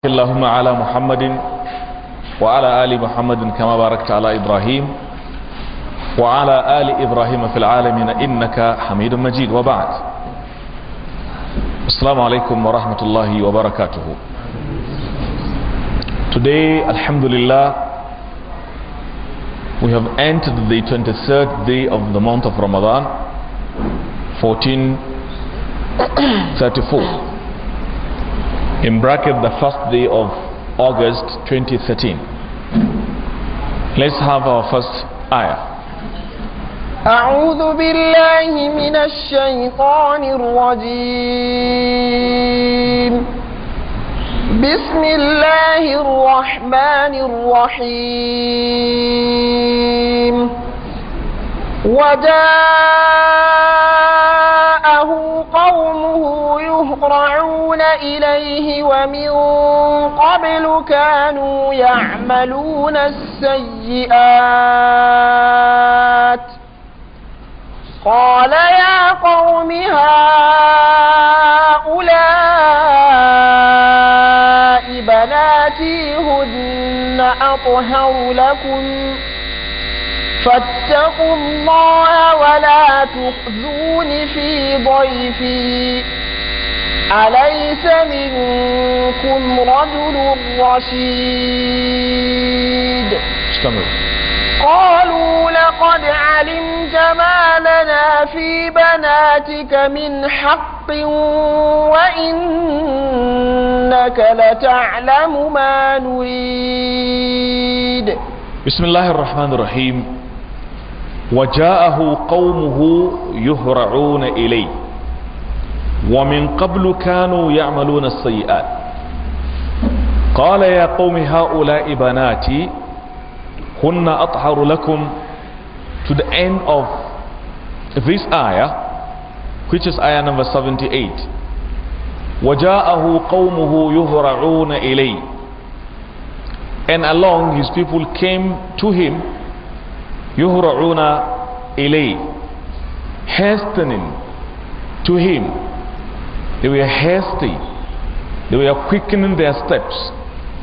اللهم على محمد وعلى آل محمد كما باركت على إبراهيم وعلى آل إبراهيم في العالمين إنك حميد مجيد وبعد السلام عليكم ورحمة الله وبركاته Today, Alhamdulillah, we have entered the 23rd day of the month of Ramadan, 1434. in bracket the first day of August 2013. Let's have our first ayah. أعوذ بالله من الشيطان الرجيم بسم الله الرحمن الرحيم وجاءه قومه يهرعون إليه ومن قبل كانوا يعملون السيئات قال يا قوم هؤلاء بناتي هن أطهر لكم فاتقوا الله ولا تخزون في ضيفي أليس منكم رجل رشيد استمر قالوا لقد علمت ما لنا في بناتك من حق وإنك لتعلم ما نريد بسم الله الرحمن الرحيم وجاءه قومه يهرعون إليه ومن قبل كانوا يعملون السيئات قال يا قوم هؤلاء بناتي هن أطهر لكم to the end of this ayah which is ayah number 78 وجاءه قومه يهرعون إليه and along his people came to him يهرعون إليه hastening to him they were hasty. They were quickening their steps.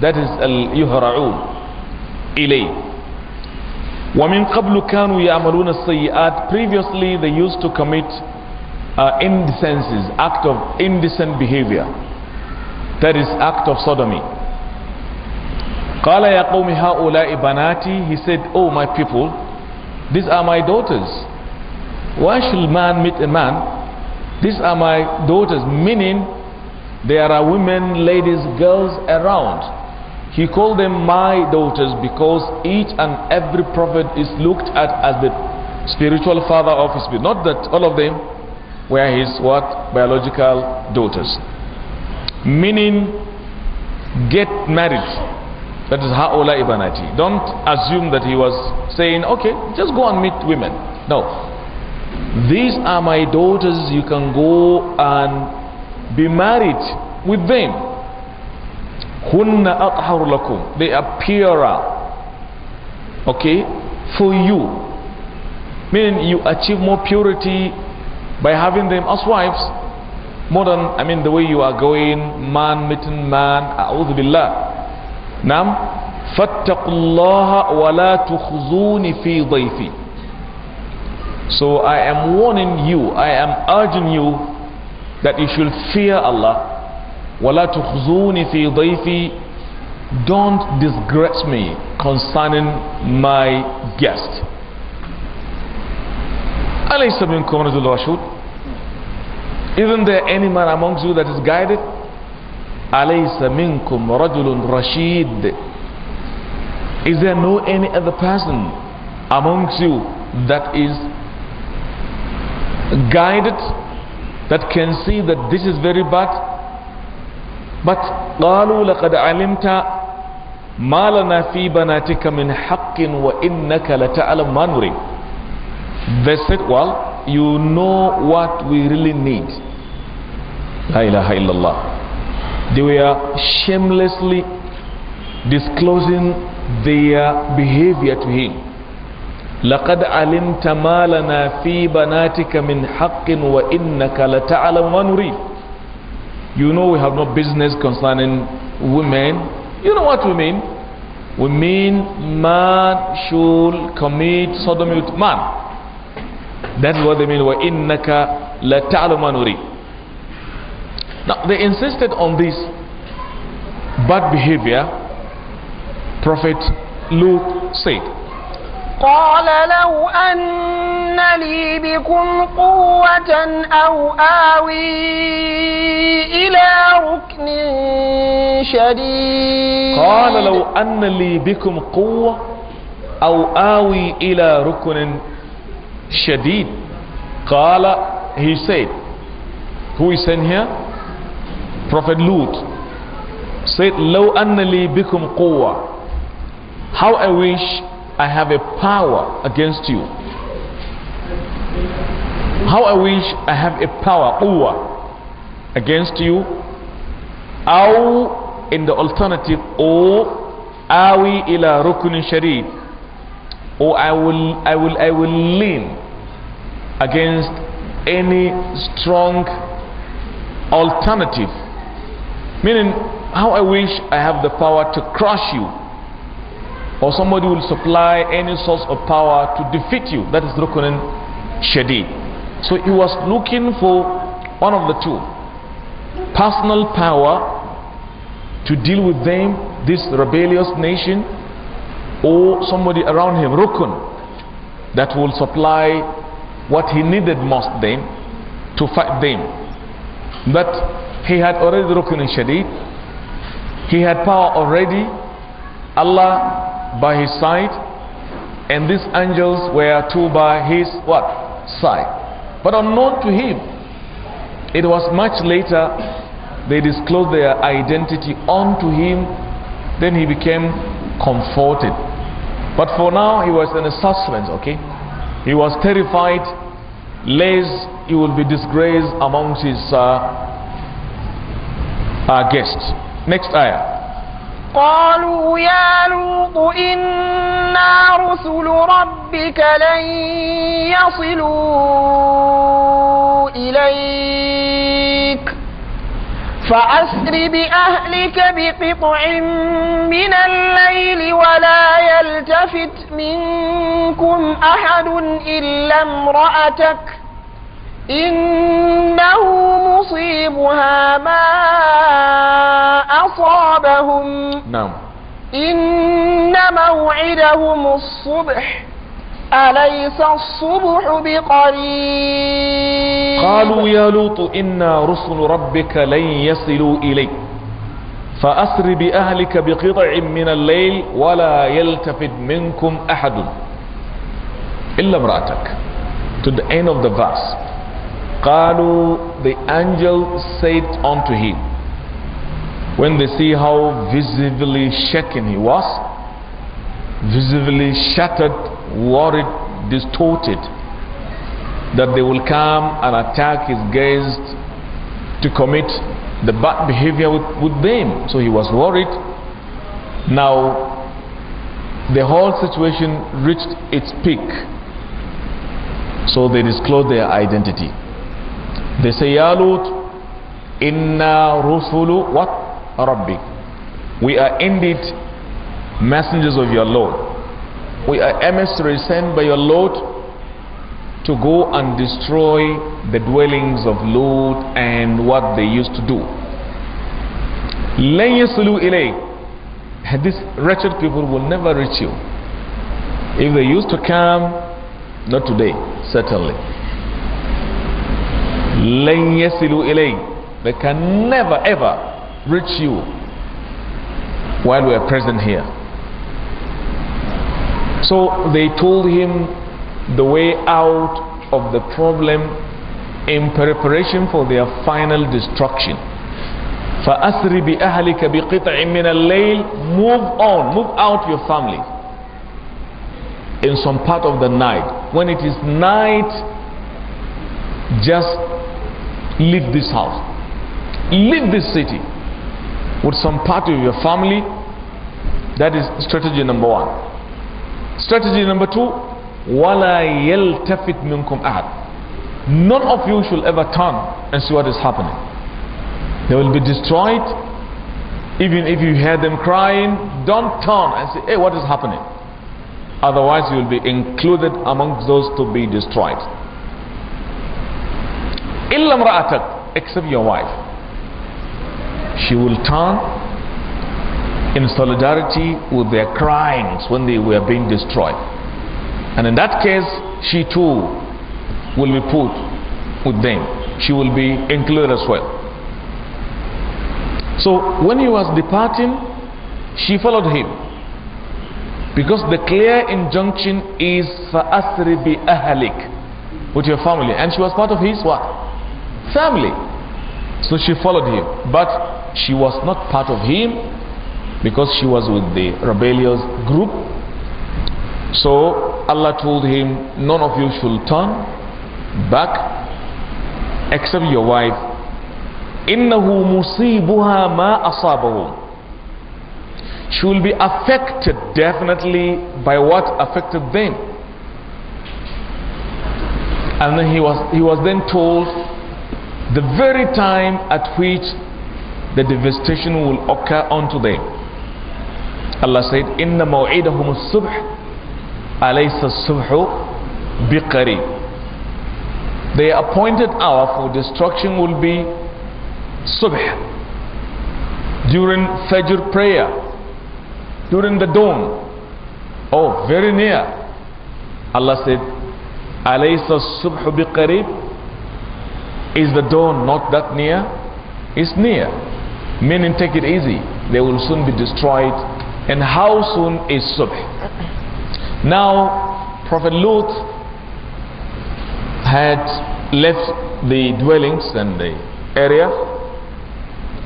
That is al-yuhra'un ilay. Wamin قَبْلُ كَانُوا يَعْمَلُونَ السَّيِّئَاتِ Previously they used to commit uh, indecencies, act of indecent behavior. That is act of sodomy. Qala ya قَوْمِ هَؤُلَاءِ بَنَاتِي He said, Oh my people, these are my daughters. Why should man meet a man these are my daughters, meaning there are women, ladies, girls around. He called them my daughters because each and every prophet is looked at as the spiritual father of his people. Not that all of them were his what? Biological daughters. Meaning, get married. That is Ha'ola Ibanati. Don't assume that he was saying, okay, just go and meet women. No. These are my daughters, you can go and be married with them. Hunna lakum. They are purer. Okay? For you. Meaning you achieve more purity by having them as wives. More than, I mean, the way you are going, man meeting man, a'udhu billah. Nam, fattaqullaha wa la tukhzuni fi dhayfi. So I am warning you, I am urging you that you should fear Allah. وَلَا تُخْزُونِ فِي ضَيْفِي Don't disgrace me concerning my guest. أَلَيْسَ مِنْكُمْ رَجُلُ رَشُودٌ Isn't there any man amongst you that is guided? أَلَيْسَ مِنْكُمْ رَجُلٌ رَشِيدٌ Is there no any other person amongst you that is guided that can see that this is very bad but قالوا لقد علمت ما في بناتك من حق وإنك لتعلم ما they said well you know what we really need لا إله إلا الله they were shamelessly disclosing their behavior to him لقد علمت ما لنا في بناتك من حق وإنك لتعلم ما نريد You know we have no business concerning women. You know what we mean? We mean man should commit sodomy with man. That's what they mean. وَإِنَّكَ لَتَعْلُمَ نُرِيد Now they insisted on this bad behavior. Prophet Luke said, قال لو أن لي بكم قوة أو آوي إلى ركن شديد قال لو أن لي بكم قوة أو آوي إلى ركن شديد قال he said who is in here Prophet Lut said لو أن لي بكم قوة how I wish I have a power against you. How I wish I have a power, quwwah, against you. Or in the alternative, or awi ila rukunin sharif or I will, I will, I will lean against any strong alternative. Meaning, how I wish I have the power to crush you or somebody will supply any source of power to defeat you. That is Rukunin Shadi. So he was looking for one of the two. Personal power to deal with them, this rebellious nation, or somebody around him, Rukun, that will supply what he needed most then to fight them. But he had already Rukun Shadi. He had power already. Allah by his side, and these angels were two by his what side, but unknown to him. It was much later they disclosed their identity unto him. Then he became comforted. But for now he was in a suspense. Okay, he was terrified lest he would be disgraced amongst his uh, uh, guests. Next ayah. قالوا يا لوط إنا رسل ربك لن يصلوا إليك فأسر بأهلك بقطع من الليل ولا يلتفت منكم أحد إلا امرأتك إنه مصيبها ما أصابهم نعم إن موعدهم الصبح أليس الصبح بقريب قالوا يا لوط إنا رسل ربك لن يصلوا إليك فأسر بأهلك بقطع من الليل ولا يلتفت منكم أحد إلا امرأتك to the end of the verse قالوا the angel said unto him when they see how visibly shaken he was visibly shattered worried distorted that they will come and attack his guests to commit the bad behavior with, with them so he was worried now the whole situation reached its peak so they disclosed their identity they say, Ya Lut, inna rusulu what? Rabbi. We are indeed messengers of your Lord. We are emissaries sent by your Lord to go and destroy the dwellings of Lut and what they used to do. لن ilay. These wretched people will never reach you. If they used to come, not today, certainly they can never ever reach you while we are present here so they told him the way out of the problem in preparation for their final destruction فأسر بأهلك بقطع من الليل move on move out your family in some part of the night when it is night just leave this house leave this city with some part of your family that is strategy number one strategy number two wala tafit minkum ahad none of you shall ever turn and see what is happening they will be destroyed even if you hear them crying don't turn and say hey what is happening otherwise you will be included amongst those to be destroyed Illam امْرَأَتَكْ Except your wife. She will turn in solidarity with their crimes when they were being destroyed. And in that case, she too will be put with them. She will be included as well. So when he was departing, she followed him. Because the clear injunction is bi بِأَهَلِكَ With your family. And she was part of his wife family. So she followed him. But she was not part of him because she was with the rebellious group. So Allah told him, None of you should turn back except your wife. إِنَّهُ musibuha ma أَصَابَهُمْ She will be affected definitely by what affected them. And then he was, he was then told the very time at which the devastation will occur unto them. Allah said, Inna maw'idahum subh alaysa subhu biqari. The appointed hour for destruction will be subh, during Fajr prayer, during the dawn. Oh, very near. Allah said, alaysa subhu biqari." Is the dawn not that near? It's near. Meaning take it easy. They will soon be destroyed. And how soon is subh? Now, Prophet Lut had left the dwellings and the area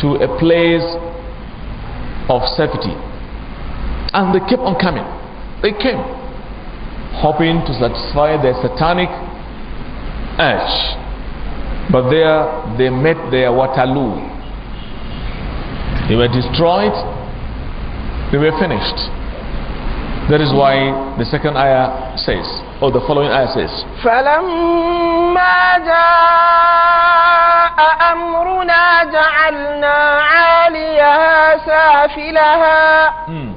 to a place of safety. And they kept on coming. They came, hoping to satisfy their satanic urge. But there they met their Waterloo. They were destroyed. They were finished. That is why the second ayah says, or the following ayah says, فَلَمَّا جَاءَ أَمْرُنَا جَعَلْنَا عَالِيَهَا سَافِلَهَا hmm.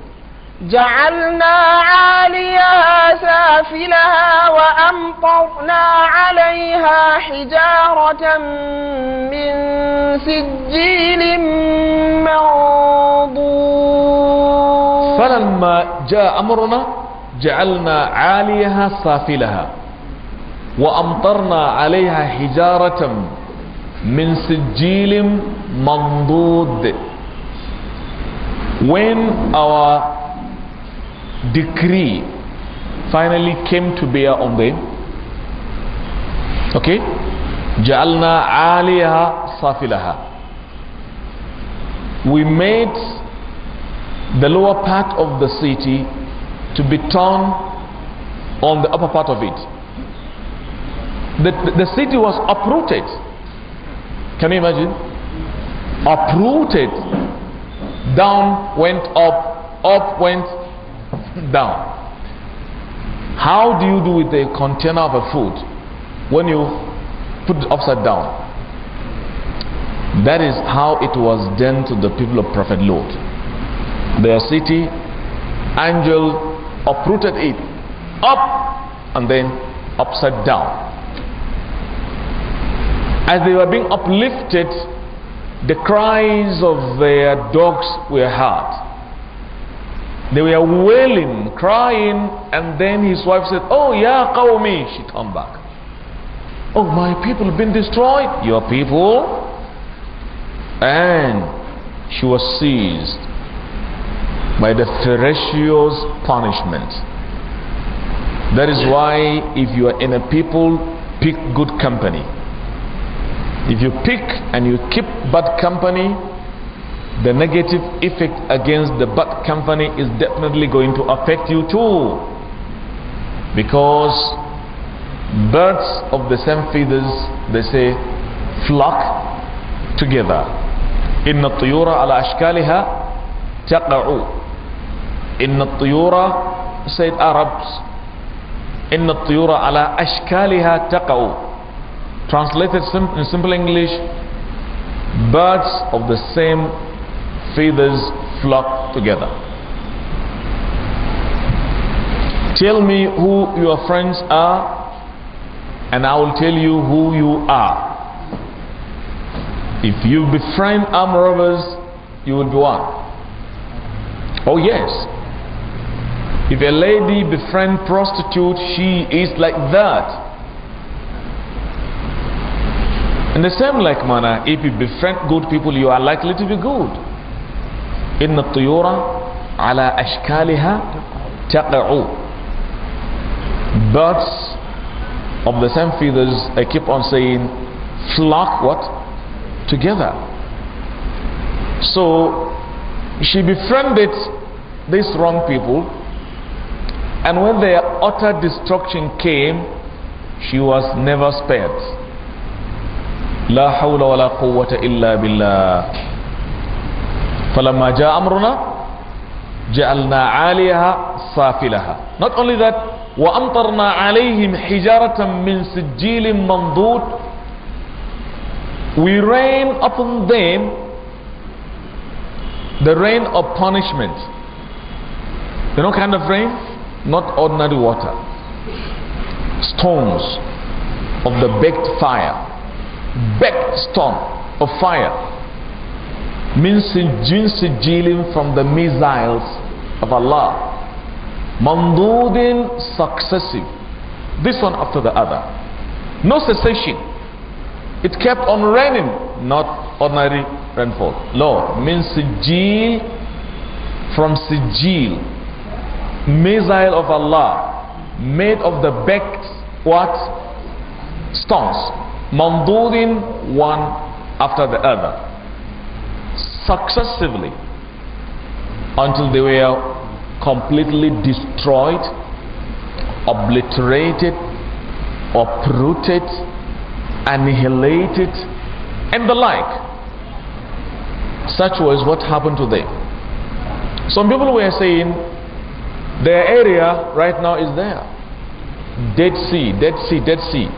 جعلنا عاليها سافلها وأمطرنا عليها حجارة من سجيل منضود فلما جاء أمرنا جعلنا عاليها سافلها وأمطرنا عليها حجارة من سجيل منضود when our decree finally came to bear on them. Okay? Ja'alna 'aliha safilaha. We made the lower part of the city to be torn on the upper part of it. the, the city was uprooted. Can you imagine? Uprooted. Down went up, up went down. How do you do with a container of a food when you put it upside down? That is how it was done to the people of Prophet Lot. Their city, angel uprooted it up and then upside down. As they were being uplifted, the cries of their dogs were heard. They were wailing, crying, and then his wife said, Oh, yeah, Qawmi. She turned back. Oh, my people have been destroyed. Your people? And she was seized by the ferocious punishment. That is why, if you are in a people, pick good company. If you pick and you keep bad company, the negative effect against the bad company is definitely going to affect you too because birds of the same feathers they say flock together إن الطيور ashkaliha أشكالها تقع إن الطيور said Arabs إن الطيور ala ashkaliha تقع translated in simple English birds of the same feathers flock together. Tell me who your friends are, and I will tell you who you are. If you befriend armed robbers, you will be one. Oh, yes. If a lady befriend prostitute, she is like that. In the same like manner, if you befriend good people, you are likely to be good. إن الطيور على أشكالها تقع birds of the same feathers I keep on saying flock what together so she befriended these wrong people and when their utter destruction came she was never spared لا حول ولا قوة إلا بالله فلما جاء أمرنا جعلنا عاليها صافلها not only that وأمطرنا عليهم حجارة من سجيل منضود we rain upon them the rain of punishment you know kind of rain not ordinary water stones of the baked fire baked stone of fire min sijilin from the missiles of Allah mandudin successive this one after the other no cessation it kept on raining not ordinary rainfall no means sijil from sijil missile of Allah made of the baked what stones mandudin one after the other successively until they were completely destroyed, obliterated, uprooted, annihilated, and the like. Such was what happened to them. Some people were saying their area right now is there. Dead Sea, Dead Sea, Dead Sea.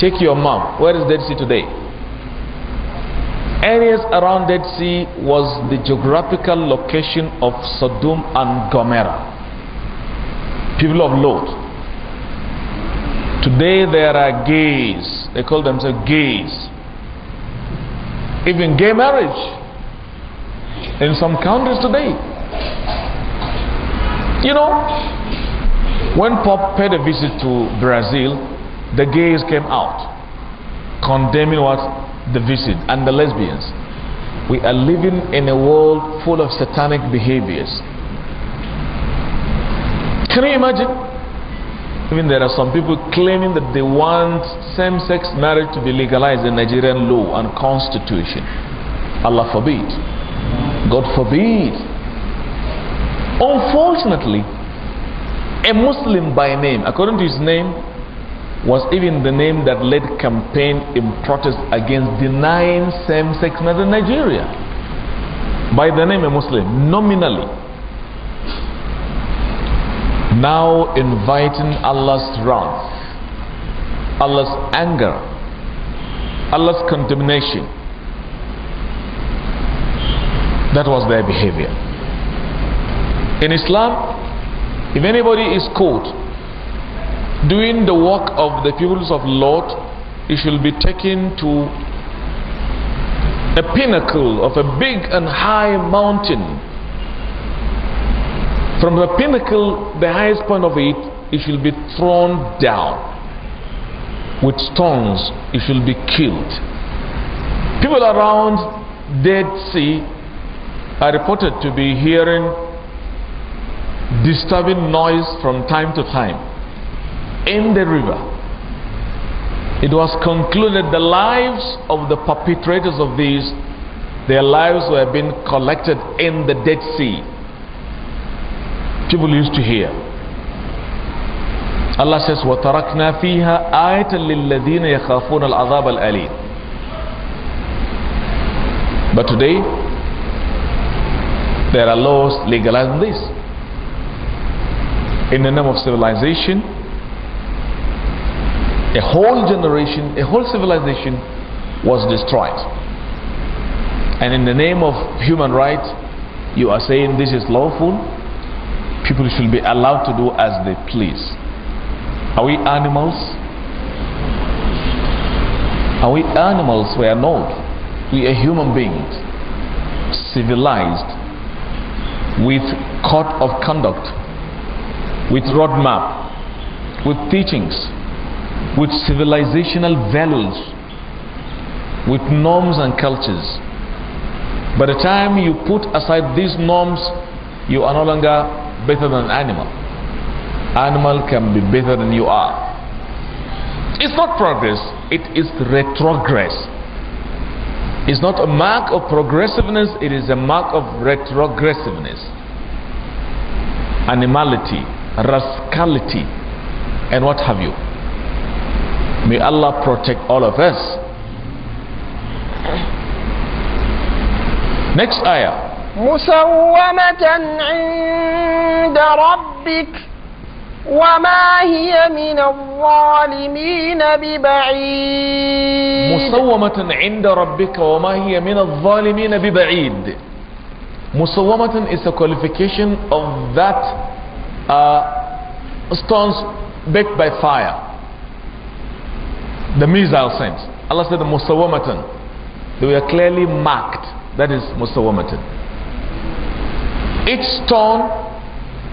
Take your mom. Where is Dead Sea today? areas around Dead Sea was the geographical location of Sodom and Gomorrah. People of Lot. Today there are gays. They call themselves gays. Even gay marriage in some countries today. You know, when Pope paid a visit to Brazil, the gays came out condemning what the visit and the lesbians. We are living in a world full of satanic behaviors. Can you imagine? Even there are some people claiming that they want same sex marriage to be legalized in Nigerian law and constitution. Allah forbid. God forbid. Unfortunately, a Muslim by name, according to his name, was even the name that led campaign in protest against denying same-sex marriage in Nigeria by the name of Muslim nominally now inviting Allah's wrath Allah's anger Allah's condemnation that was their behavior in Islam if anybody is caught doing the work of the peoples of Lot, it shall be taken to a pinnacle of a big and high mountain. From the pinnacle, the highest point of it, it shall be thrown down. With stones, it shall be killed. People around Dead Sea are reported to be hearing disturbing noise from time to time in the river. It was concluded the lives of the perpetrators of these, their lives were being collected in the Dead Sea. People used to hear. Allah says, وَتَرَكْنَا فِيهَا آيَةً لِلَّذِينَ يَخَافُونَ الْعَذَابَ الْأَلِيمِ But today, there are laws legalizing this. In the name of civilization, a whole generation, a whole civilization was destroyed. And in the name of human rights, you are saying this is lawful. People should be allowed to do as they please. Are we animals? Are we animals? We are not. We are human beings, civilized, with code of conduct, with roadmap, with teachings with civilizational values, with norms and cultures. By the time you put aside these norms, you are no longer better than an animal. Animal can be better than you are. It's not progress, it is retrogress. It's not a mark of progressiveness, it is a mark of retrogressiveness. Animality, rascality, and what have you. May Allah protect all of us. Next ayah. مسومة عند ربك وما هي من الظالمين ببعيد مسومة عند ربك وما هي من الظالمين ببعيد مسومة is a qualification of that uh, stones baked by fire the missile sent. Allah said the musawamatan. They were clearly marked. That is musawamatan. Each stone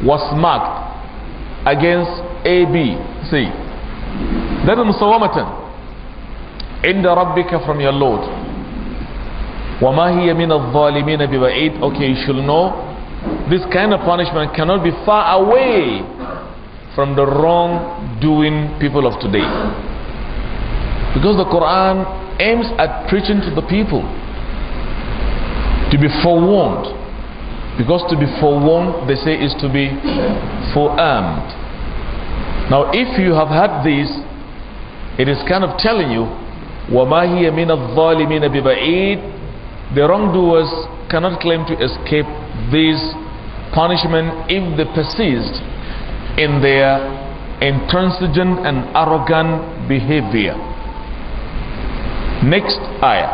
was marked against A, B, C. That is musawamatan. Inda rabbika from your Lord. وَمَا هِيَ مِنَ الظَّالِمِينَ بِبَعِيدٍ Okay, you should know this kind of punishment cannot be far away from the wrongdoing people of today. Because the Quran aims at preaching to the people. To be forewarned. Because to be forewarned, they say, is to be forearmed. Now, if you have had this, it is kind of telling you, وَمَا هِيَ mina الظَّالِمِينَ بِبَعِيدٍ The wrongdoers cannot claim to escape this punishment if they persist in their intransigent and arrogant behavior. Next ayah.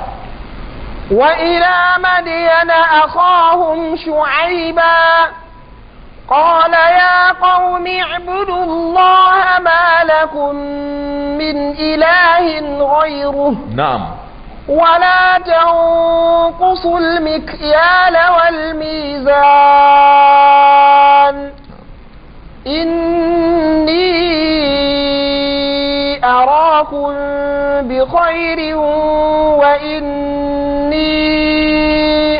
وإلى مدين أخاهم شعيبا قال يا قوم اعبدوا الله ما لكم من إله غيره نعم ولا تنقصوا المكيال والميزان إني أراكم بخير وإني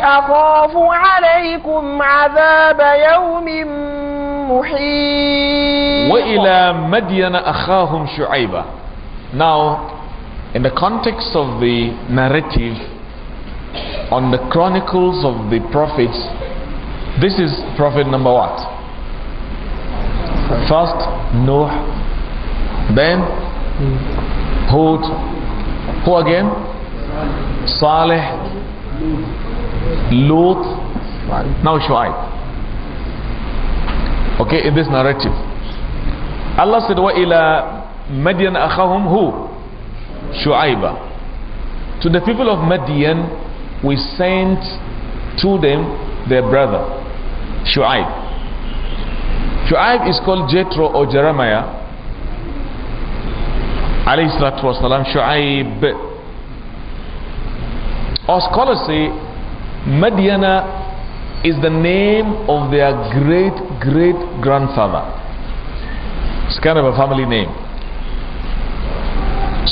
أخاف عليكم عذاب يوم محيط وإلى مدين أخاهم شعيبا Now, in the context of the narrative on the chronicles of the prophets, this is prophet number what? First, Noah, then Hud. Who again? Saleh. Lut. Now Shu'aib. Okay, in this narrative. Allah said, "Wa وَإِلَى مَدْيَنَ أَخَهُمْ Who? Shu'aiba. To the people of Madian, we sent to them their brother, Shu'aib. Shu'aib is called Jethro or Jeremiah alayhi salatu wasalam, Shu'aib. Our scholars say Madiana is the name of their great great grandfather. It's kind of a family name.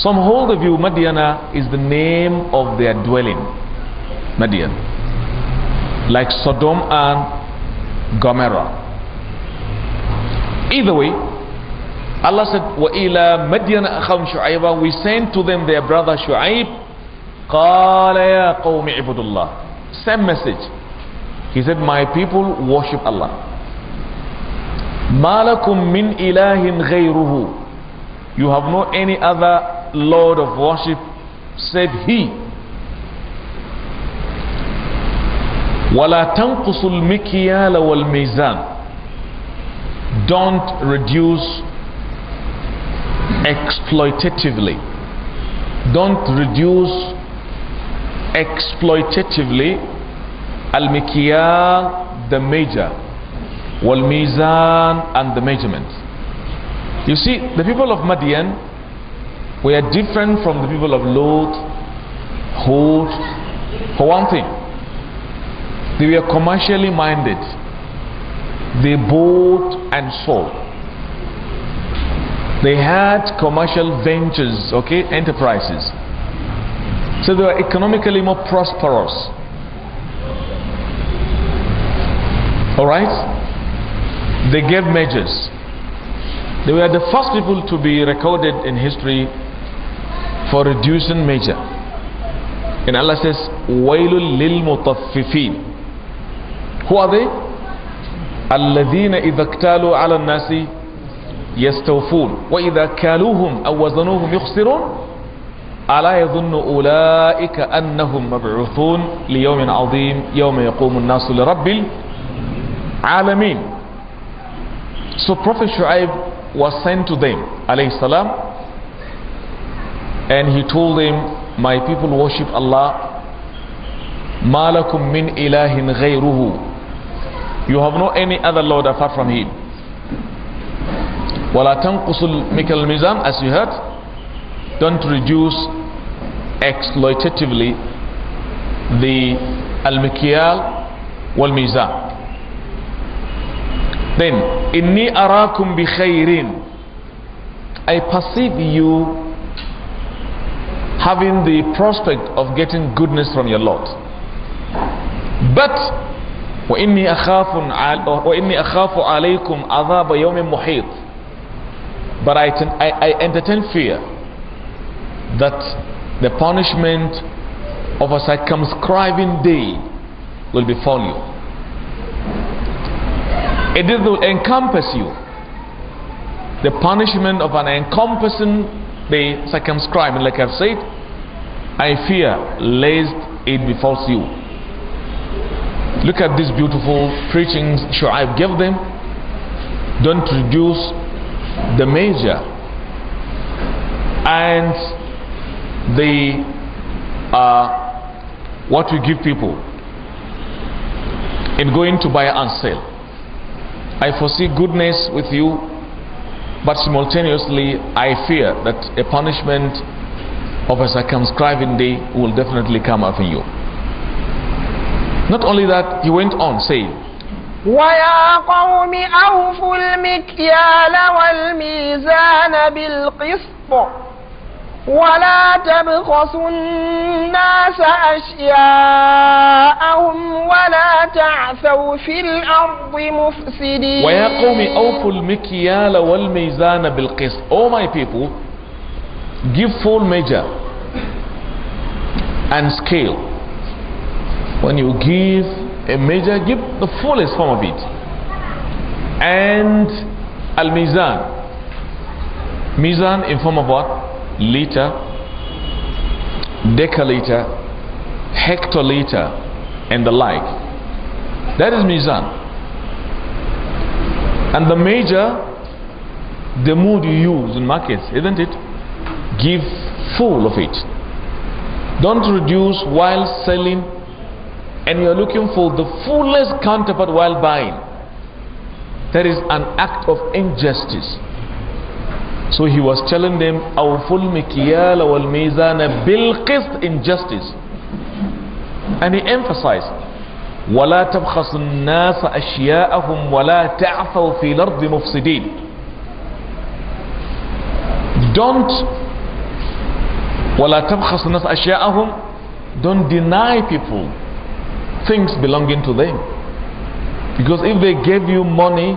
Some hold the view Madiana is the name of their dwelling, Madian, like Sodom and Gomorrah. Either way, Allah said, وَإِلَى مَدْيَنَ أَخَوْمْ شُعَيْبًا We sent to them their brother Shu'aib. قَالَ يَا قَوْمِ عِبُدُ اللَّهِ Same message. He said, my people worship Allah. مَا لَكُم مِّنْ إِلَهٍ غَيْرُهُ You have no any other Lord of worship save He. وَلَا تَنْقُصُ الْمِكِيَالَ وَالْمِيزَانِ Don't reduce exploitatively. Don't reduce exploitatively al-mikyal, the major, wal-mizan, and the measurement. You see, the people of Madian were different from the people of Lot, Hud, for one thing. They were commercially minded. They bought and sold they had commercial ventures, okay, enterprises. So they were economically more prosperous. All right? They gave measures. They were the first people to be recorded in history for reducing measure. And Allah says, Wailul lil mutaffifin. Who are they? الذين إذا اكتالوا على الناس يستوفون وإذا كالوهم أو وزنوهم يخسرون ألا يظن أولئك أنهم مبعوثون ليوم عظيم يوم يقوم الناس لرب العالمين So Prophet Shu'aib was sent to them عليه السلام and he told them my people worship Allah ما لكم من إله غيره You have no any other Lord apart from him وَلَا تَنْقُصُ الميزان As you heard, don't reduce exploitatively the المكيال والميزان Then, إِنِّي أَرَاكُمْ بِخَيْرٍ I perceive you having the prospect of getting goodness from your Lord. But وإني أخاف عليكم عذاب يوم محيط But I, I, I entertain fear that the punishment of a circumscribing day will befall you. It will encompass you. The punishment of an encompassing day, circumscribing, like I've said, I fear lest it befalls you. Look at these beautiful preachings I've given them. Don't reduce the major and the uh, what you give people in going to buy and sell. I foresee goodness with you, but simultaneously I fear that a punishment of a circumscribing day will definitely come upon you. Not only that, he went on saying, ويا قوم أوفوا المكيال والميزان بالقسط ولا تبخسوا الناس أشياءهم ولا تعثوا في الأرض مفسدين ويا قوم أوفوا المكيال والميزان بالقسط Oh my people give full measure and scale when you give a measure, give the fullest form of it. And al mizan, mizan in form of what? Liter, decaliter, hectoliter, and the like. That is mizan. And the major, the mood you use in markets, isn't it? Give full of it. Don't reduce while selling and you're looking for the fullest counterpart while buying, that is an act of injustice. So he was telling them, Awful mikiyala wal mizana bil injustice. And he emphasized, ولا تبخسوا الناس أشياءهم ولا تعثوا في الأرض مفسدين don't ولا تبخسوا الناس أشياءهم don't deny people things belonging to them. Because if they gave you money,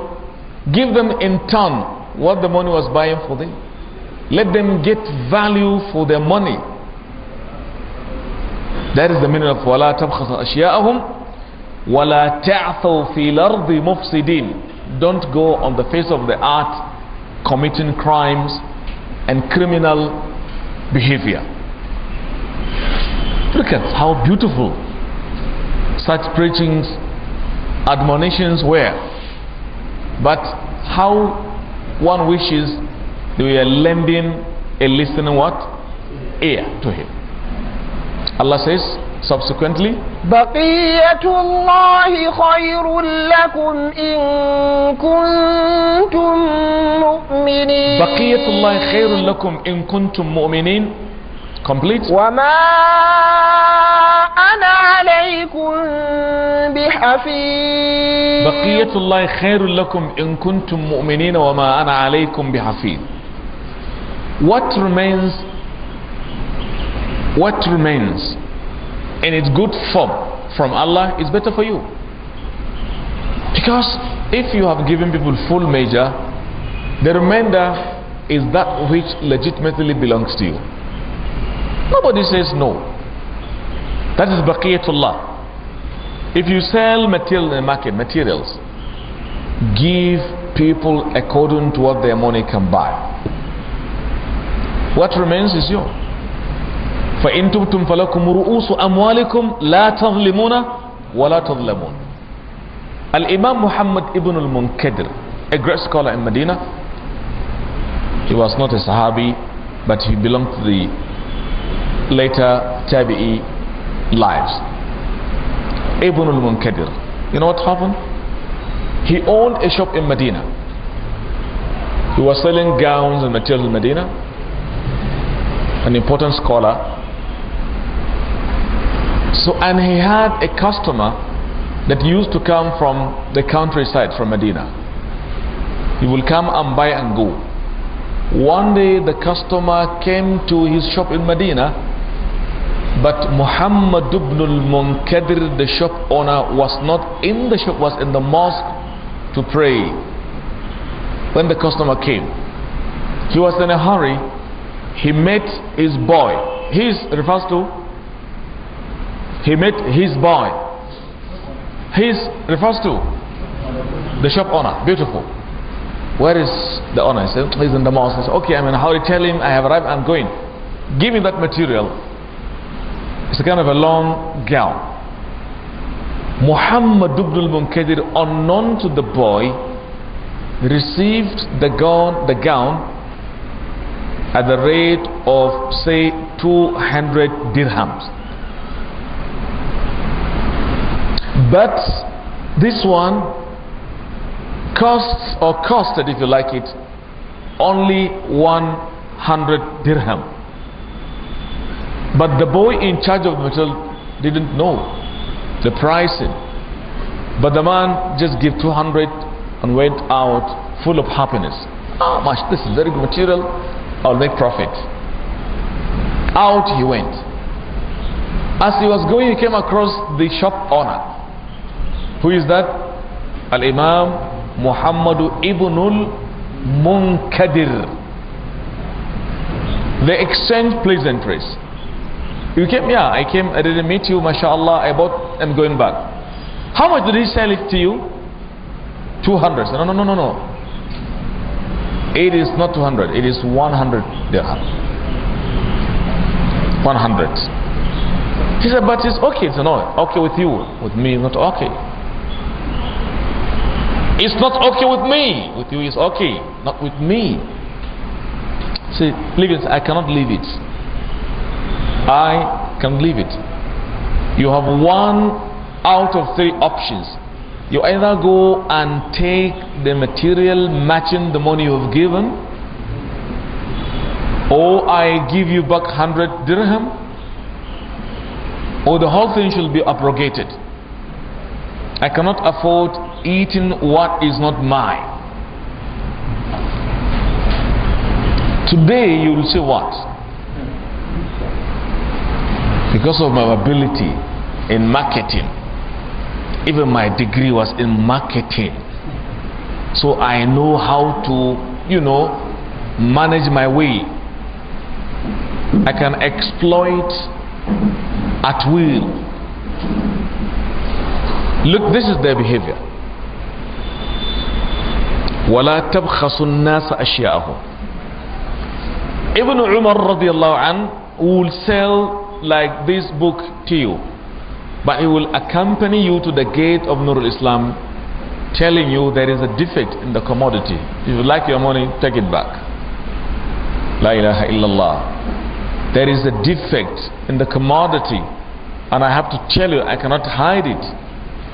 give them in turn what the money was buying for them. Let them get value for their money. That is the meaning of وَلَا تَبْخَسَ أَشْيَاءَهُمْ وَلَا تَعْثَوْا فِي الْأَرْضِ مُفْسِدِينَ Don't go on the face of the earth committing crimes and criminal behavior. Look at how beautiful such preachings, admonitions were. But how one wishes they were lending a listening what? Ear to him. Allah says subsequently بقية الله خير لكم إن كنتم مؤمنين بقية الله خير لكم إن كنتم مؤمنين Complete. وما أنا عليكم بحفيظ. بقية الله خير لكم إن كنتم مؤمنين وما أنا عليكم بحفيظ. What remains what remains in its good form from Allah is better for you. Because if you have given people full measure, the remainder is that which legitimately belongs to you. Nobody says no. That is baqiyatullah. If you sell material in the market, materials, give people according to what their money can buy. What remains is yours. فإن تبتم فلكم رؤوس أموالكم لا تظلمون ولا تظلمون Muhammad Ibn Al المنكدر a great scholar in Medina he was not a Sahabi but he belonged to the later Tabi'i lives. Ibn al-Munkadir. You know what happened? He owned a shop in Medina. He was selling gowns and materials in Medina. An important scholar. So, and he had a customer that used to come from the countryside from Medina. He will come and buy and go. One day the customer came to his shop in Medina but Muhammad ibn al-Munkadir, the shop owner, was not in the shop, was in the mosque to pray. When the customer came, he was in a hurry. He met his boy. His refers to he met his boy. His refers to the shop owner. Beautiful. Where is the owner? He said, He's in the mosque. He said, Okay, I'm in a hurry. Tell him I have arrived. I'm going. Give me that material. It's a kind of a long gown. Muhammad ibn al-Munkadir, unknown to the boy, received the gown, the gown at the rate of say 200 dirhams. But this one costs or costed, if you like it, only 100 dirham. But the boy in charge of the metal didn't know the pricing. But the man just gave 200 and went out full of happiness. Ah, oh, this is very good material. I'll make profit. Out he went. As he was going, he came across the shop owner. Who is that? Al Imam Muhammad ibnul Munkadir. They exchanged pleasantries. You came? Yeah, I came. I didn't meet you. Mashallah, I bought. I'm going back. How much did he sell it to you? 200. No, no, no, no, no. It is not 200. It is 100 dirham. 100. He said, but it's okay. It's not okay with you. With me, not okay. It's not okay with me. With you, it's okay. Not with me. See, leave it. I cannot leave it. I can leave it. You have one out of three options. You either go and take the material matching the money you've given, or I give you back 100 dirham, or the whole thing shall be abrogated. I cannot afford eating what is not mine. Today you will see what? because of my ability in marketing. Even my degree was in marketing. So I know how to, you know, manage my way. I can exploit at will. Look, this is their behavior. ولا تبخسوا الناس أشياءهم. Even Umar radiallahu an will sell like this book to you, but it will accompany you to the gate of Nurul Islam, telling you there is a defect in the commodity. If you like your money, take it back. La ilaha illallah. There is a defect in the commodity, and I have to tell you, I cannot hide it.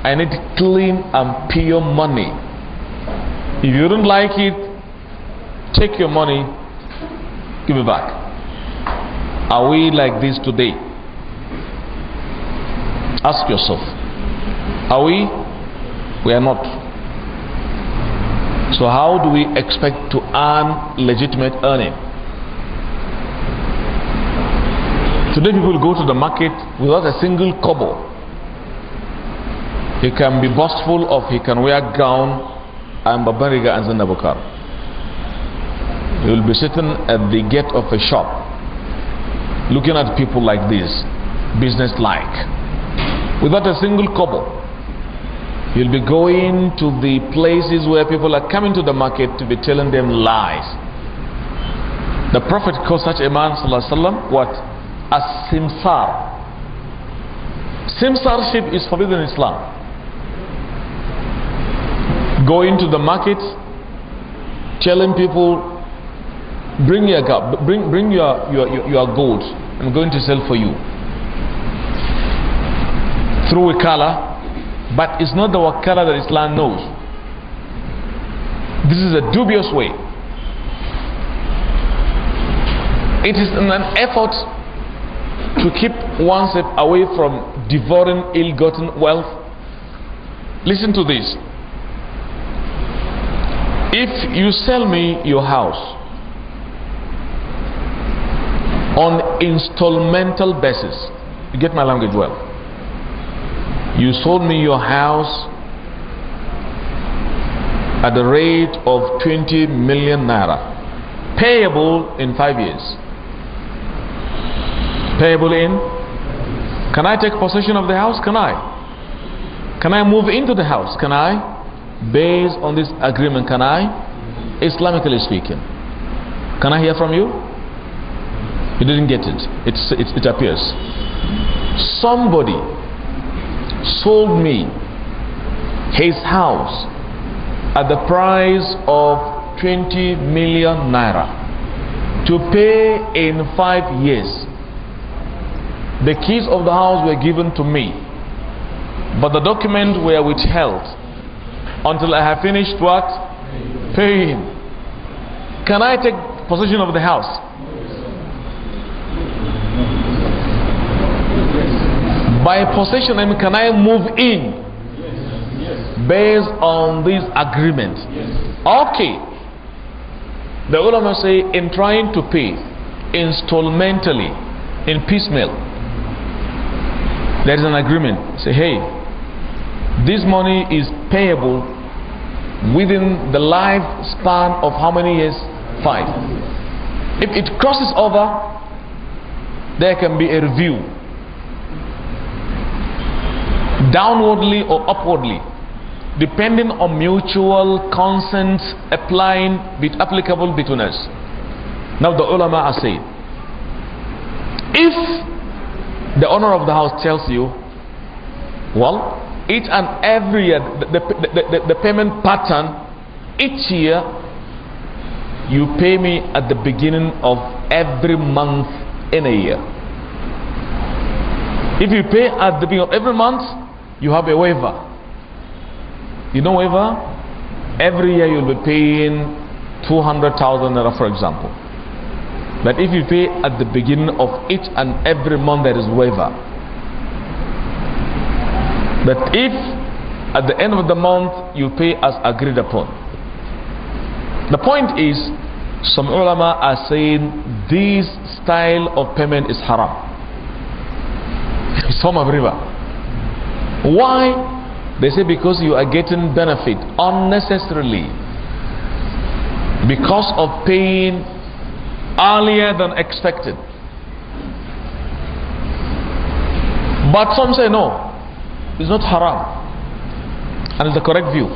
I need clean and pure money. If you don't like it, take your money, give it back. Are we like this today? Ask yourself. Are we? We are not. So how do we expect to earn legitimate earning? Today people go to the market without a single kobo. He can be boastful of he can wear gown and babariga and zanabukar. He will be sitting at the gate of a shop looking at people like this, business like, without a single cobble. You'll be going to the places where people are coming to the market to be telling them lies. The Prophet called such a man, وسلم, what? As simsar. Simsarship is forbidden in Islam. Going to the market, telling people bring your cup, bring, bring your, your, your, gold. I'm going to sell for you. Through a kala, but it's not the wakala that Islam knows. This is a dubious way. It is an effort to keep oneself away from devouring ill-gotten wealth. Listen to this. If you sell me your house, on instalmental basis. You get my language well. You sold me your house at the rate of 20 million naira, payable in five years. Payable in? Can I take possession of the house? Can I? Can I move into the house? Can I? Based on this agreement, can I? Islamically speaking. Can I hear from you? He didn't get it. It it, it appears. Somebody sold me his house at the price of 20 million naira to pay in five years. The keys of the house were given to me, but the documents were withheld until I have finished what? Paying. Can I take possession of the house? By possession, I mean, can I move in? Based on this agreement. Okay. The ulama say, in trying to pay installmentally, in piecemeal, there is an agreement. Say, hey, this money is payable within the lifespan of how many years? Five. If it crosses over, there can be a review downwardly or upwardly depending on mutual consent applying be applicable between us now the ulama are saying if the owner of the house tells you well each and every year the, the, the, the payment pattern each year you pay me at the beginning of every month in a year if you pay at the beginning of every month you have a waiver. You know waiver? Every year you'll be paying 200,000 naira, for example. But if you pay at the beginning of each and every month, there is waiver. But if at the end of the month you pay as agreed upon, the point is some ulama are saying this style of payment is haram. Some of river. Why? They say because you are getting benefit unnecessarily because of pain earlier than expected. But some say no, it's not haram. And it's the correct view.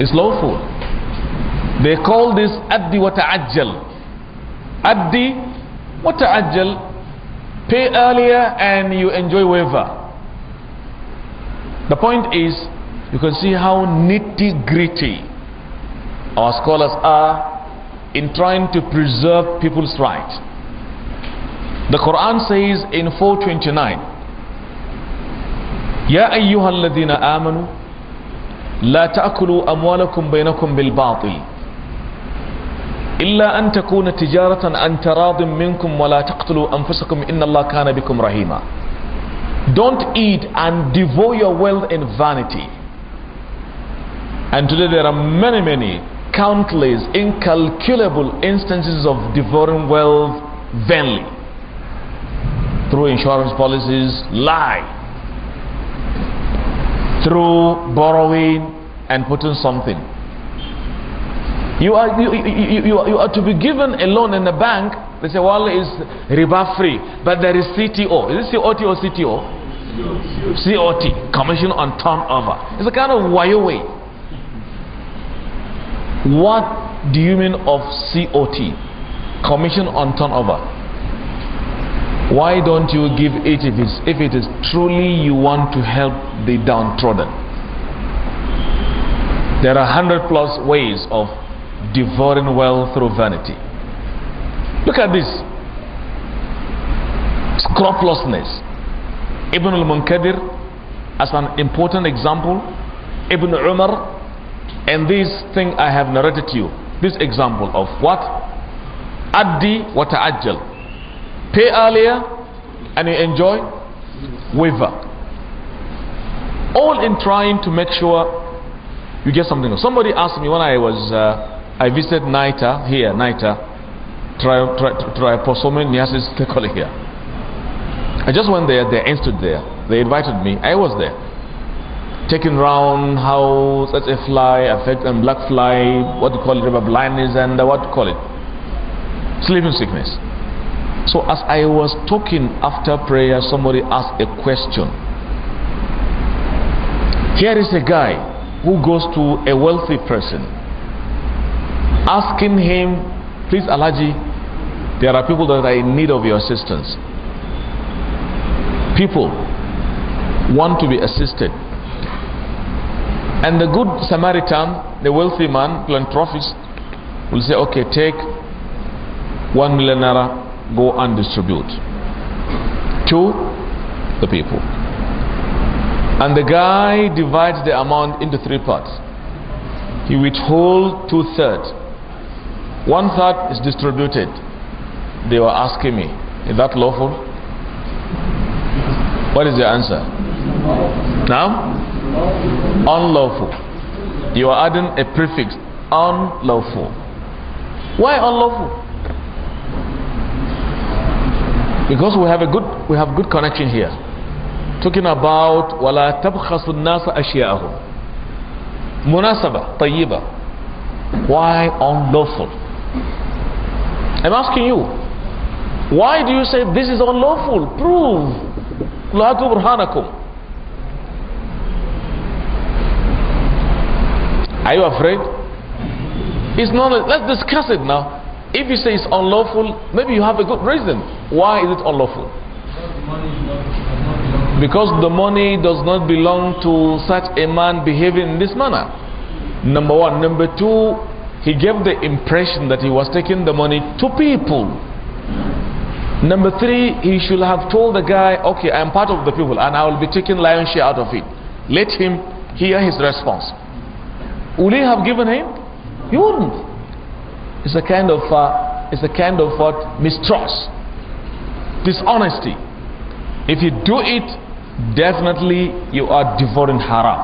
It's lawful. They call this addi wa ta'ajjal. Addi wa ta'ajjal. Pay earlier and you enjoy waiver. The point is, you can see how nitty gritty our scholars are in trying to preserve people's rights. The Quran says in 429, Ya ayyuhal ladina amanu, la ta'kulu amwalakum bainakum bil Illa an takuna tijaratan an taradim minkum wa la taqtulu anfusakum inna Allah kana bikum rahima. Don't eat and devour your wealth in vanity. And today there are many, many, countless, incalculable instances of devouring wealth vainly through insurance policies, lie, through borrowing and putting something. You are, you, you, you, you are to be given a loan in the bank. They say, well, it's riba free, but there is CTO. Is it COT or CTO? COT, commission on turnover. It's a kind of wire way. What do you mean of COT, commission on turnover? Why don't you give it if, it's, if it is truly you want to help the downtrodden? There are hundred plus ways of devouring wealth through vanity. Look at this scrupulousness Ibn al-Munkadir as an important example, Ibn Umar, and this thing I have narrated to you, this example of what? Addi wa ta'ajjal. Pay earlier and you enjoy waiver. All in trying to make sure you get something. Somebody asked me when I was, uh, I visited NITA here, NITA, Trioposomen Niasis Tekole here. I just went there, they stood there. They invited me. I was there. Taking round how such a fly affect and black fly, what do you call it, river blindness and uh, what do you call it, sleeping sickness. So as I was talking after prayer, somebody asked a question. Here is a guy who goes to a wealthy person, asking him, please Alaji, there are people that are in need of your assistance people want to be assisted. And the good Samaritan, the wealthy man, philanthropist, will say, okay, take one million naira, go and distribute to the people. And the guy divides the amount into three parts. He withholds two thirds. One third is distributed. They were asking me, is that lawful? What is your answer? Now? Unlawful. You are adding a prefix. Unlawful. Why unlawful? Because we have a good we have good connection here. Talking about wala tabkhasu nasa ashiyahu. Munasaba, tayyiba. Why unlawful? I'm asking you. Why do you say this is unlawful? Prove قل هاتوا Are you afraid? It's not. Let's discuss it now. If you say it's unlawful, maybe you have a good reason. Why is it unlawful? Because the money does not belong to such a man behaving in this manner. Number one. Number two, he gave the impression that he was taking the money to people. Number three, he should have told the guy, okay, I am part of the people and I will be taking lion share out of it. Let him hear his response. Would he have given him? He wouldn't. It's a kind of, uh, it's a kind of what? mistrust. Dishonesty. If you do it, definitely you are devouring haram.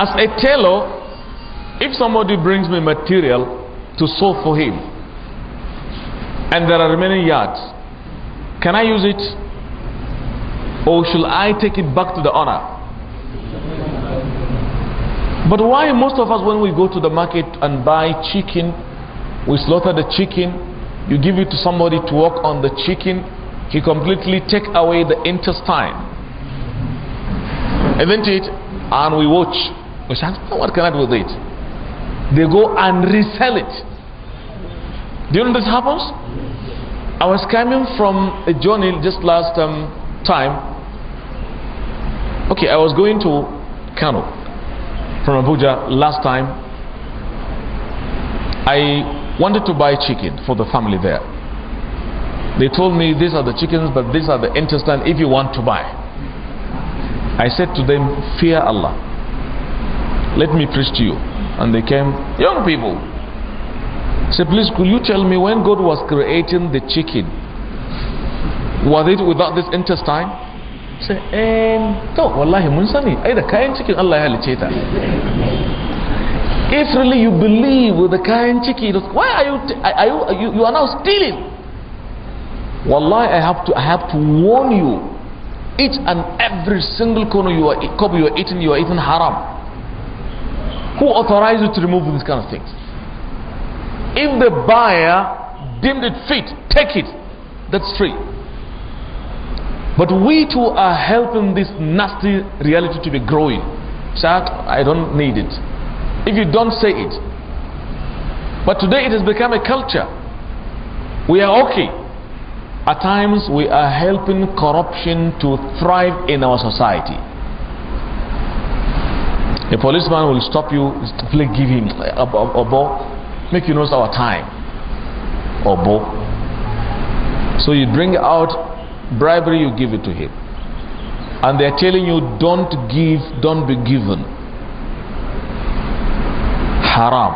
As a tailor, if somebody brings me material to sew for him, and there are remaining yards. Can I use it? Or should I take it back to the owner? But why most of us when we go to the market and buy chicken, we slaughter the chicken, you give it to somebody to work on the chicken, he completely take away the intestine. Isn't it? And we watch. We say, what can I do with it? They go and resell it. Do you know this happens? I was coming from a journey just last um, time. Okay, I was going to Kano from Abuja last time. I wanted to buy chicken for the family there. They told me these are the chickens, but these are the intestine if you want to buy. I said to them, Fear Allah. Let me preach to you. And they came, young people, Say, please, could you tell me when God was creating the chicken, was it without this intestine? Say, and eh, to, wallahi mun either kind chicken, Allah If really you believe with the kind chicken, why are you, are you, you, you are now stealing? Wallahi, I have to, I have to warn you. Each and every single corner you are, cup you are eating, you are eating haram. Who authorized you to remove these kind of things? If the buyer deemed it fit, take it. That's free. But we too are helping this nasty reality to be growing. Sir, I don't need it. If you don't say it. But today it has become a culture. We are okay. At times we are helping corruption to thrive in our society. A policeman will stop you, simply give him a, a, a ball. Make you lose our time. or both. So you bring out bribery, you give it to him. And they're telling you, don't give, don't be given. Haram.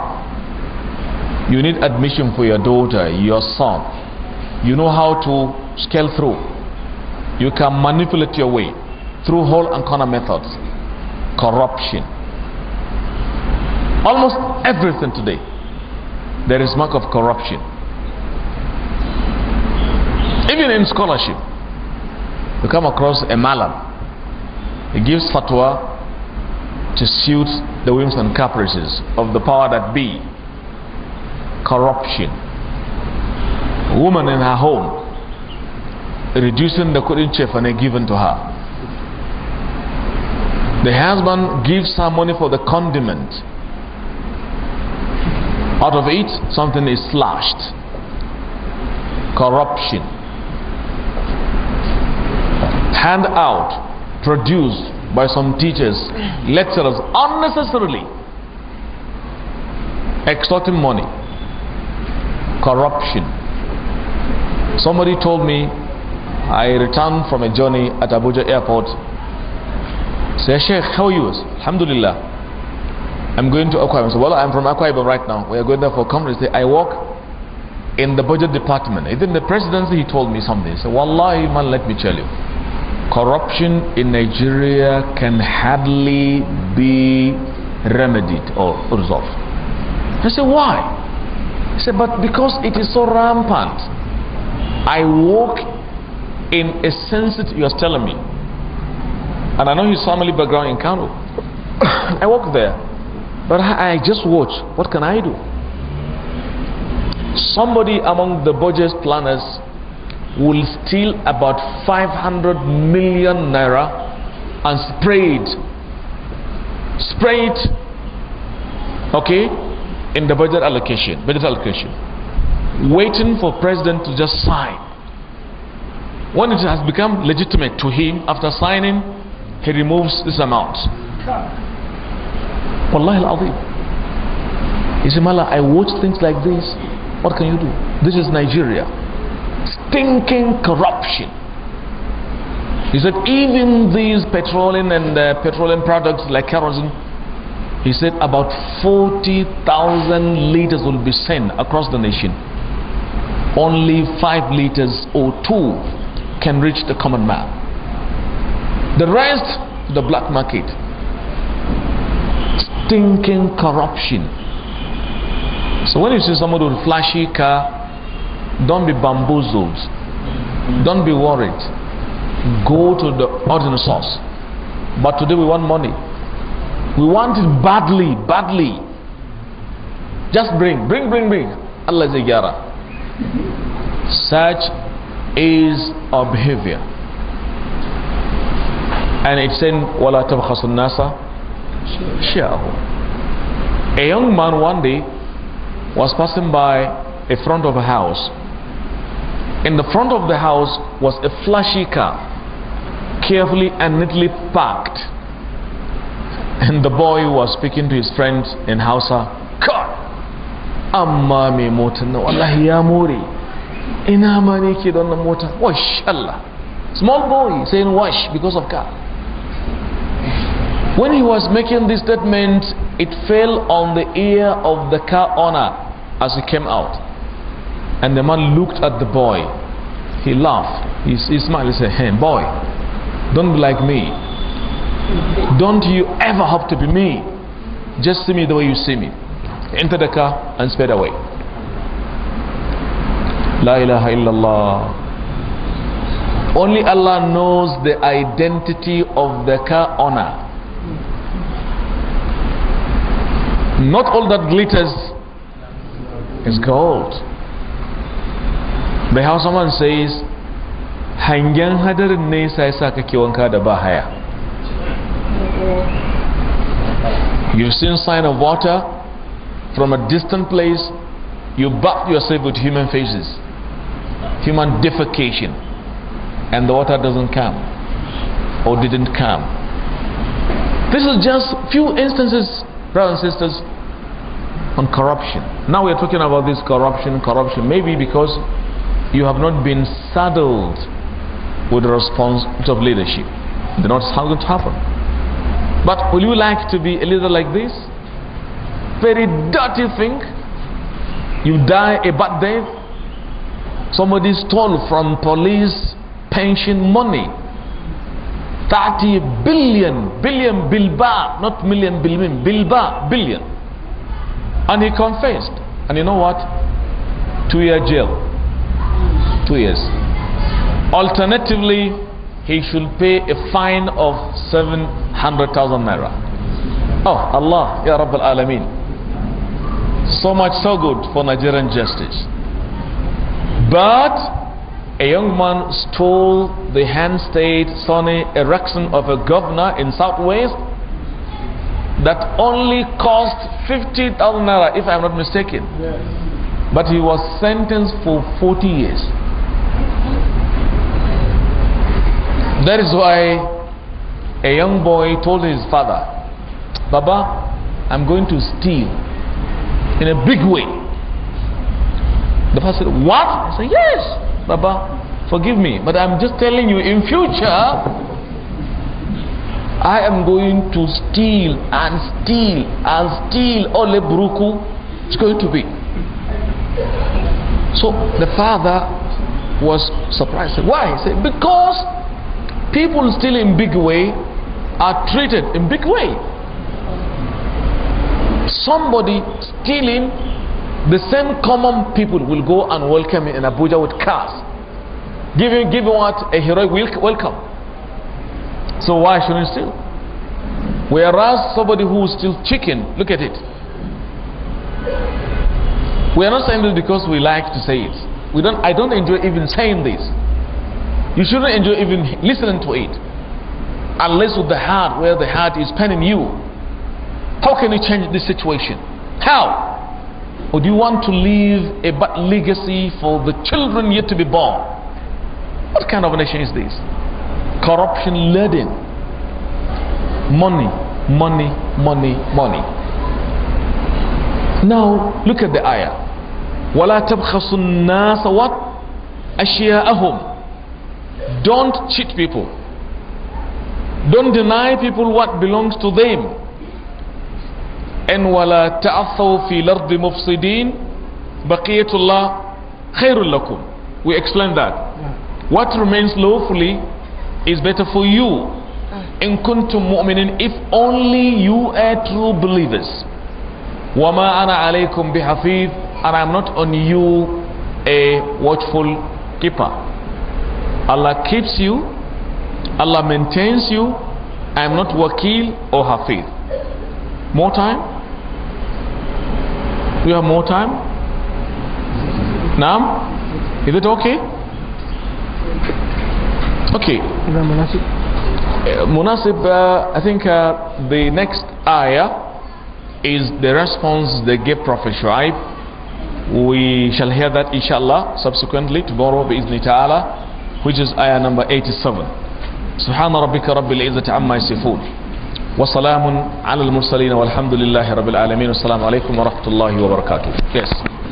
You need admission for your daughter, your son. You know how to scale through. You can manipulate your way through whole and corner methods. Corruption. Almost everything today there is mark of corruption even in scholarship you come across a malam he gives fatwa to suit the whims and caprices of the power that be corruption woman in her home reducing the and chefane given to her the husband gives her money for the condiment out of it, something is slashed. Corruption. Hand out, produced by some teachers, lecturers, unnecessarily extorting money. Corruption. Somebody told me I returned from a journey at Abuja airport. Say, Sheikh, how are you? Alhamdulillah. I'm going to Akwa Ibom. So, well, I'm from Akwa Ibom right now. We are going there for a conference. I work in the budget department. in the presidency, he told me something. So, Wallahi, man, let me tell you. Corruption in Nigeria can hardly be remedied or resolved. I said, why? He said, but because it is so rampant. I walk in a sensitive, you are telling me. And I know his family background in Kano. I walk there. But I, just watch. What can I do? Somebody among the budget planners will steal about 500 million naira and spray it. Spray it, okay, in the budget allocation, budget allocation. Waiting for president to just sign. When it has become legitimate to him after signing, he removes this amount. Wallahi al-Azim. He said, Mala, I watch things like this. What can you do? This is Nigeria. Stinking corruption. He said, even these petroleum and uh, petroleum products like kerosene, he said about 40,000 liters will be sent across the nation. Only 5 liters or 2 can reach the common man. The rest, the black market stinking corruption. So when you see somebody with flashy car, don't be bamboozled. Don't be worried. Go to the ordinary source. But today we want money. We want it badly, badly. Just bring, bring, bring, bring. Allah is Such is our behavior. And it's in "Wala تَبْخَصُ nasa." show. A young man one day was passing by a front of a house. In the front of the house was a flashy car, carefully and neatly parked. And the boy was speaking to his friend in Hausa, God, amma mai motar na wallahi ya ina ma ne ke da mota, wash Allah. Small boy saying wash because of car. When he was making this statement, it fell on the ear of the car owner as he came out. And the man looked at the boy. He laughed. He, he smiled. He said, Hey, boy, don't be like me. Don't you ever hope to be me. Just see me the way you see me. Enter the car and sped away. La ilaha illallah. Only Allah knows the identity of the car owner. Not all that glitters is gold. The how someone says, hangen hadarin ne sai sa da bahaya." You've seen sign of water from a distant place, you bathe yourself with human faces, human defecation, and the water doesn't come or didn't come. This is just few instances Brothers and sisters, on corruption. Now we are talking about this corruption, corruption. Maybe because you have not been saddled with the response of leadership. they not how it happen. But will you like to be a leader like this? Very dirty thing. You die a bad death. Somebody stole from police pension money Thirty billion, billion, bilba, not million bilmin, bilba, billion. And he confessed. And you know what? Two year jail. Two years. Alternatively, he should pay a fine of 700,000 naira. Oh, Allah, Ya Rabbi Alameen. So much so good for Nigerian justice. But a young man stole the hand stayed Sony erection of a governor in South Wales that only cost 50,000 naira if I'm not mistaken yes. but he was sentenced for 40 years that is why a young boy told his father Baba I'm going to steal in a big way the father said what? I said yes Baba, forgive me, but I'm just telling you, in future, I am going to steal and steal and steal all the bruku it's going to be. So the father was surprised. Why? He said, because people still in big way are treated in big way. Somebody stealing the same common people will go and welcome him in Abuja with cars. Give him, give him what? A heroic welcome. So why shouldn't we? steal? Whereas somebody who is still chicken, look at it. We are not saying this because we like to say it. We don't, I don't enjoy even saying this. You shouldn't enjoy even listening to it. Unless with the heart, where the heart is penning you. How can you change this situation? How? Or do you want to leave a bad legacy for the children yet to be born? What kind of a nation is this? Corruption laden. Money, money, money, money. Now look at the ayah. وَلَا تَبْخَصُ النَّاسَ what? أَشْيَاءَهُمْ Don't cheat people. Don't deny people what belongs to them. And ولا تعثوا في الأرض مفسدين بقية الله خير لكم we explain that what remains lawfully is better for you in kuntum mu'minin if only you are true believers وما أنا عليكم بحفيظ and I'm not on you a watchful keeper Allah keeps you Allah maintains you I'm not wakil or hafiz more time you have more time? Now? Is it okay? Okay. Uh, munasib, uh, I think uh, the next ayah is the response they gave Prophet Shuaib. We shall hear that inshallah subsequently tomorrow by izni ta'ala which is ayah number 87. Subhanallah, ربك رب العزة Amma يصفون وسلام على المرسلين والحمد لله رب العالمين والسلام عليكم ورحمة الله وبركاته yes.